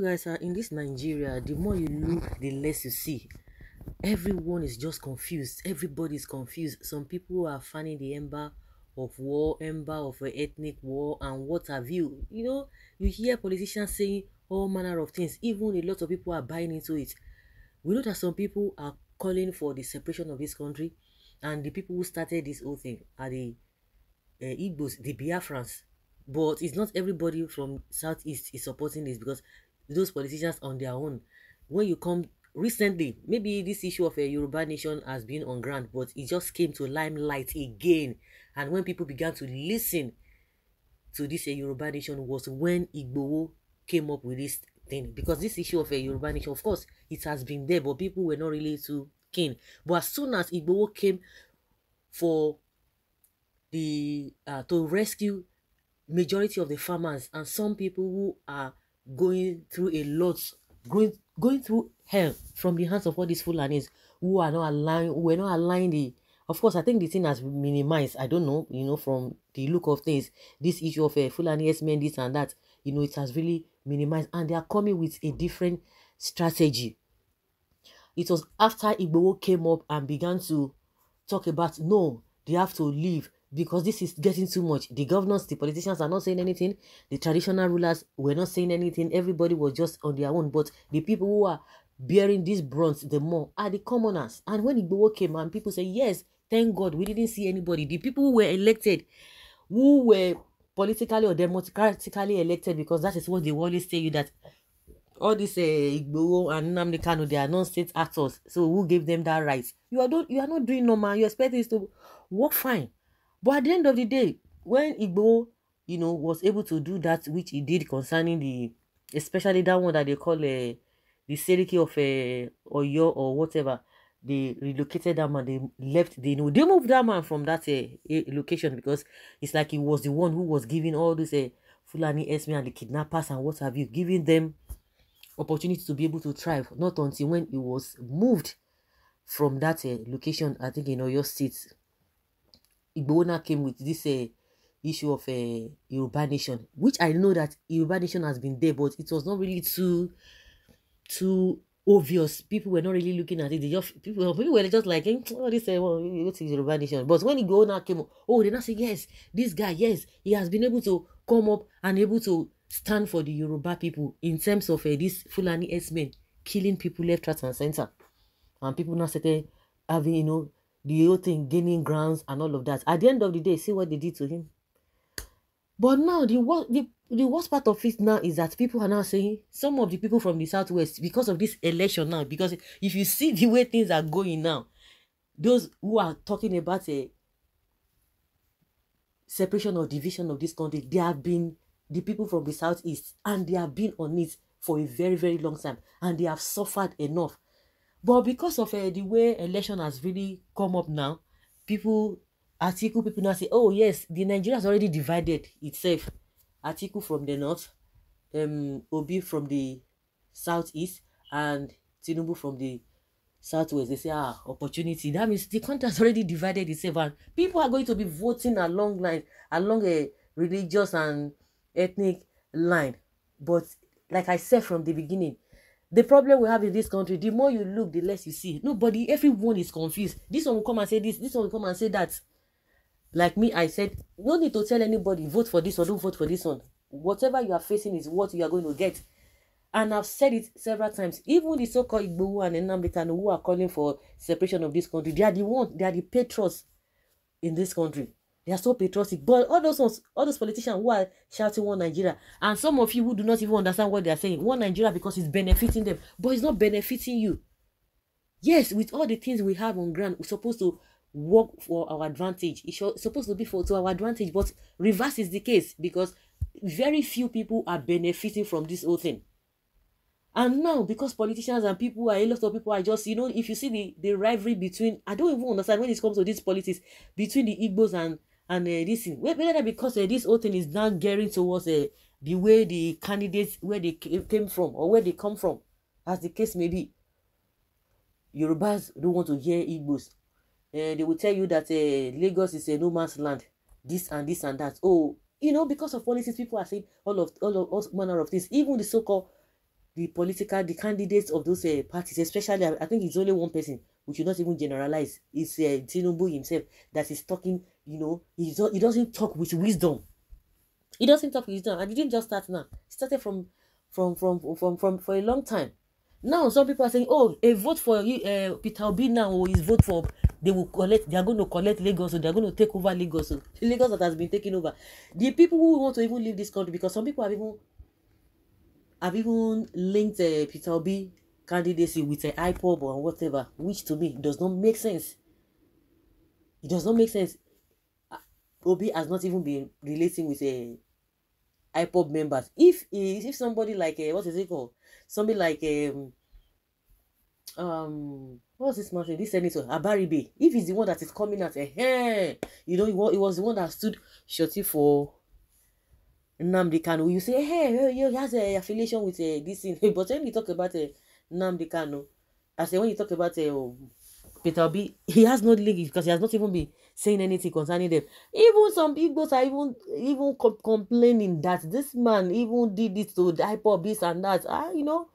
guys, guys uh, in this nigeria the more you look the less you see everyone is just confused everybody is confused some people are fanning the ember of war ember of ethnic war and what have you you know you hear politicians saying all manner of things even a lot of people are buying into it we know that some people are calling for the separation of this country and the people who started this whole thing are the uh, Igbos, the Biafrans. But it's not everybody from Southeast is supporting this because those politicians on their own. When you come recently, maybe this issue of a Yoruba nation has been on ground, but it just came to limelight again. And when people began to listen to this a Yoruba nation was when Ibo came up with this thing. Because this issue of a Yoruba nation, of course, it has been there, but people were not really too keen. But as soon as Ibo came for the uh, to rescue majority of the farmers and some people who are going through a lot, going, going through hell from the hands of all these Fulanis who are not aligned, who are not aligned. the, of course, I think the thing has minimized. I don't know, you know, from the look of things, this issue of uh, Fulani men, this and that, you know, it has really minimized. And they are coming with a different strategy. It was after Ibo came up and began to talk about no, they have to leave because this is getting too much. The governors, the politicians are not saying anything. The traditional rulers were not saying anything. Everybody was just on their own. But the people who are bearing this bronze the more are the commoners. And when Igbowo came and people say, yes, thank God, we didn't see anybody. The people who were elected, who were politically or democratically elected, because that is what they always tell you that all these uh, eh, Igbowo and Nnamdi they are non-state actors. So who gave them that right? You are not you are not doing normal. You expect this to work fine. But at the end of the day, when Igbo, you know, was able to do that which he did concerning the, especially that one that they call a, uh, eh, the Seriki of uh, Oyo or whatever, they relocated that man. They left. They know they moved that man from that uh, location because it's like he was the one who was giving all this uh, Fulani Esme and the kidnappers and what have you, giving them opportunity to be able to thrive. Not until when he was moved from that uh, location, I think in Oyo State Igboho now came with this uh, issue of uh, Yoruba Nation, which I know that Yoruba Nation has been there, but it was not really too too obvious. People were not really looking at it. They just people, people were just like, hey, oh, this uh, eh, well, what is Yoruba Nation? But when Igboho now came, oh, they now say yes, this guy, yes, he has been able to come up and able to stand for the Yoruba people in terms of uh, this Fulani s killing people left, right, and center. And people now started having, you know, the whole thing gaining grounds and all of that at the end of the day see what they did to him but now the worst the, the worst part of it now is that people are now saying some of the people from the southwest because of this election now because if you see the way things are going now those who are talking about a eh, separation or division of this country they have been the people from the southeast and they have been on it for a very very long time and they have suffered enough but because of uh, the way election has really come up now people article people now say oh yes the nigeria has already divided itself Article from the north um, obi from the southeast and tinubu from the southwest they say ah opportunity that means the country has already divided itself and people are going to be voting along line along a religious and ethnic line but like i said from the beginning the problem we have in this country the more you look the less you see nobody everyone is confused this one will come and say this this one will come and say that like me i said no need to tell anybody vote for this or don't vote for this one whatever you are facing is what you are going to get and i've said it several times even the so-called Igboho and Nnamdi Kanu who are calling for separation of this country they are the ones they are the patriots in this country They are so patriotic. But all those ones, all those politicians who are shouting one Nigeria, and some of you who do not even understand what they are saying, one Nigeria because it's benefiting them, but it's not benefiting you. Yes, with all the things we have on ground, we're supposed to work for our advantage. It's supposed to be for to our advantage, but reverse is the case because very few people are benefiting from this whole thing. And now, because politicians and people are a lot of people are just, you know, if you see the, the rivalry between, I don't even understand when it comes to these politics between the Igbos and and uh, this whether because uh, this whole thing is now gearing towards uh, the way the candidates where they came from or where they come from, as the case may be. Yorubas don't want to hear Igbos. Uh, they will tell you that uh, Lagos is a no man's land, this and this and that. Oh, you know, because of policies, people are saying all of all of all manner of things. Even the so-called the political, the candidates of those uh, parties, especially I, I, think it's only one person. We should not even generalize. It's uh, Tinubu himself that is talking you know, he, do, he doesn't talk with wisdom. He doesn't talk with wisdom. And he didn't just start now. He started from, from, from, from, from, from for a long time. Now some people are saying, oh, a vote for you, uh, Peter Obi now, or oh, his vote for, they will collect, they are going to collect Lagos, so oh, they are going to take over Lagos, oh. so Lagos that has been taken over. The people who want to even leave this country, because some people have even, have even linked uh, Peter Obi candidacy with an uh, eh, IPOB or whatever, which to me does not make sense. It does not make sense. Obi has not even been relating with a uh, eh, IPOB members. If if somebody like uh, what is it called? Somebody like um um what's this man This senator Abaribe. If he's the one that is coming at a uh, hey, you know, it was the one that stood shorty for Nnamdi Kanu. You say hey, he has a affiliation with uh, this thing, but when you talk about uh, Nnamdi Kanu, I say when you talk about uh, Peter Obi, he has no league because he has not even been saying anything concerning them. Even some Igbos are even even co- complaining that this man even did this to IPOB this and that. Ah, you know,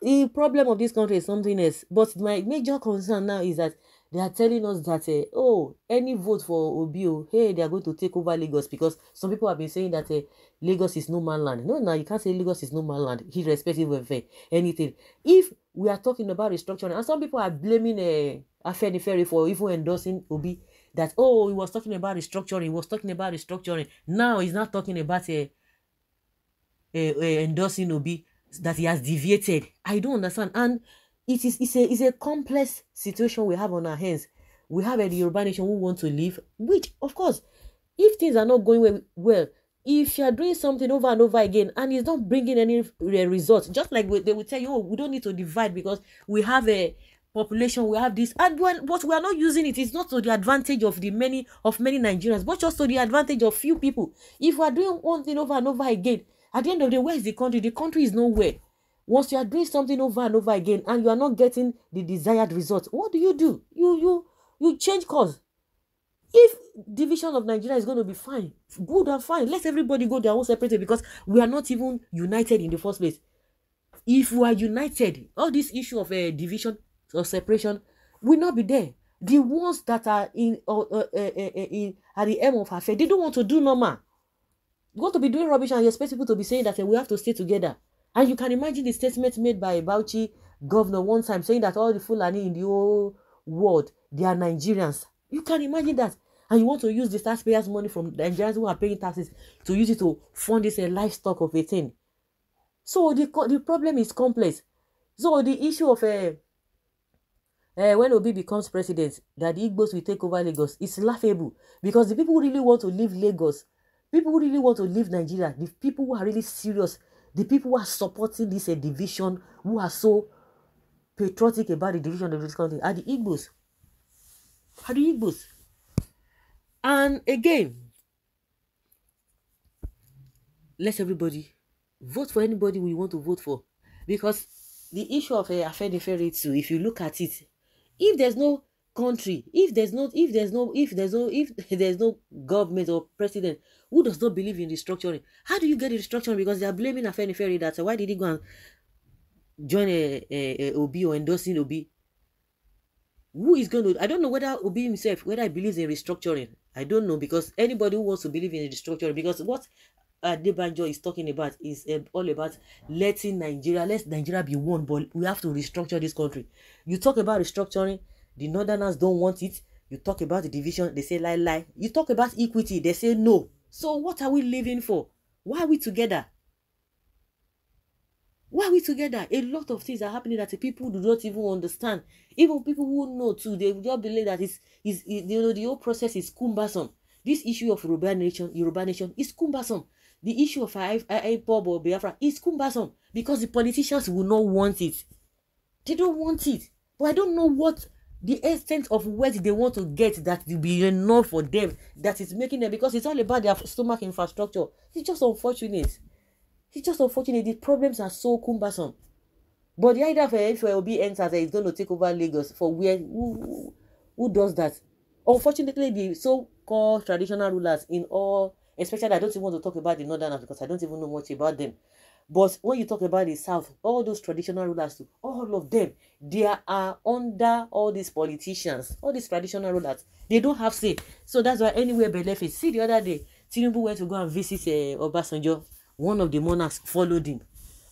the problem of this country is something else. But my major concern now is that they are telling us that uh, oh any vote for Obio oh, hey they are going to take over Lagos because some people have been saying that uh, Lagos is no man land. No, no, you can't say Lagos is no man land irrespective of uh, anything. If we are talking about restructuring and some people are blaming uh, Afenifere for even endorsing Obi that oh he was talking about restructuring he was talking about restructuring now he's not talking about uh, uh, uh, endorsing Obi that he has deviated I don't understand and it is it's a, it's a complex situation we have on our hands we have a Yoruba nation who want to leave which of course if things are not going well, well if you are doing something over and over again and it's not bringing any eh, results just like we, they will tell you oh we don't need to divide because we have a population we have this and when but we are not using it it's not to the advantage of the many of many nigerians but just to the advantage of few people if we are doing one thing over and over again at the end of the day where is the country the country is nowhere once you are doing something over and over again and you are not getting the desired results, what do you do you you you change course if division of nigeria is going to be fine good and fine let everybody go their own separate way because we are not even united in the first place if we are united all this issue of uh, division or separation will not be there the ones that are in or uh, uh, uh, in at the end of affair they don't want to do normal you want to be doing rubbish and you expect people to be saying that uh, we have to stay together and you can imagine the statement made by Bauchi governor one time saying that all the Fulani in the whole world they are Nigerians you can imagine that and you want to use the taxpayers' money from the Nigerians who are paying taxes to use it to fund this uh, livestock of a thing. So the the problem is complex. So the issue of uh, uh, when Obi becomes president, that the Igbos will take over Lagos is laughable because the people who really want to leave Lagos, people who really want to leave Nigeria, the people who are really serious, the people who are supporting this uh, division, who are so patriotic about the division of this country, are the Igbos. Are the Igbos? And again, let everybody vote for anybody we want to vote for because the issue of uh, eh, Ferry too, if you look at it, if there's no country, if there's not, if there's no, if there's no, if there's no government or president who does not believe in restructuring, how do you get restructuring? Because they are blaming Afeni Ferry that uh, why did he go and join a, a, a Obi or endorsing Obi? Who is going to? I don't know whether Obi himself whether he believes in restructuring. I don't know because anybody who wants to believe in restructuring, because what Adebanjo is talking about is uh, all about letting Nigeria, let Nigeria be one, but we have to restructure this country. You talk about restructuring, the Northerners don't want it. You talk about the division, they say lie, lie. You talk about equity, they say no. So what are we living for? Why are we together? why are we together a lot of things are happening that the people do not even understand even people who know too they just believe that it's is you know the whole process is cumbersome this issue of yoruba nation yoruba nation is cumbersome the issue of ipob or biafra is cumbersome because the politicians will not want it they don't want it but i don't know what the extent of wealth they want to get that will be enough for them that is making them because it's all about their stomach infrastructure it's just unfortunate. It's just unfortunate. The problems are so cumbersome. But the idea of FLB enters is going to take over Lagos for where who, who does that? Unfortunately, the so-called traditional rulers in all, especially I don't even want to talk about the northern because I don't even know much about them. But when you talk about the South, all those traditional rulers, too, all of them, they are under all these politicians, all these traditional rulers. They don't have say. So that's why anywhere benefits. See the other day, Tinubu went to go and visit uh, Obasanjo one of the monarchs followed him.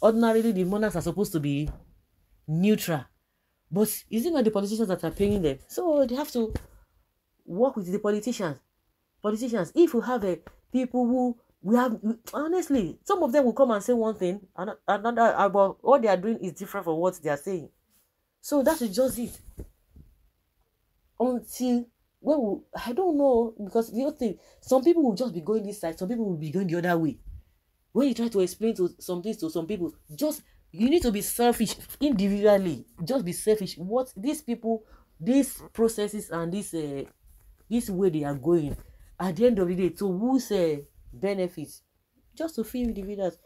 Ordinarily, the monarchs are supposed to be neutral, but is it not the politicians that are paying them? So they have to work with the politicians. Politicians, if you have a eh, people who we have honestly, some of them will come and say one thing, and another about uh, what they are doing is different from what they are saying. So that is just it. Until well, I don't know because the other thing, some people will just be going this side, some people will be going the other way when you try to explain to some things to some people just you need to be selfish individually just be selfish what these people these processes and this uh, this way they are going at the end of the day to who's uh, benefit just to feel individuals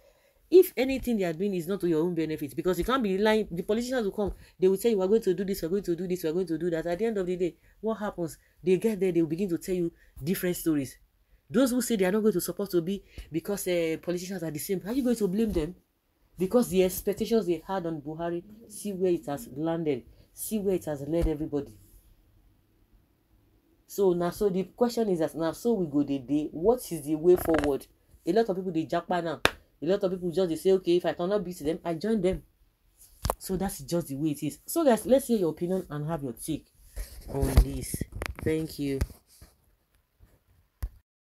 if anything they are doing is not to your own benefit because you can't be lying. the politicians will come they will tell you we're going to do this we're going to do this we're going to do that at the end of the day what happens they get there they will begin to tell you different stories Those who say they are not going to support Obi because uh, politicians are the same, are you going to blame them? Because the expectations they had on Buhari, see where it has landed, see where it has led everybody. So now, so the question is that now, so we go the day. What is the way forward? A lot of people they jackpot now. A lot of people just they say, okay, if I cannot beat them, I join them. So that's just the way it is. So guys, let's hear your opinion and have your take on this. Thank you.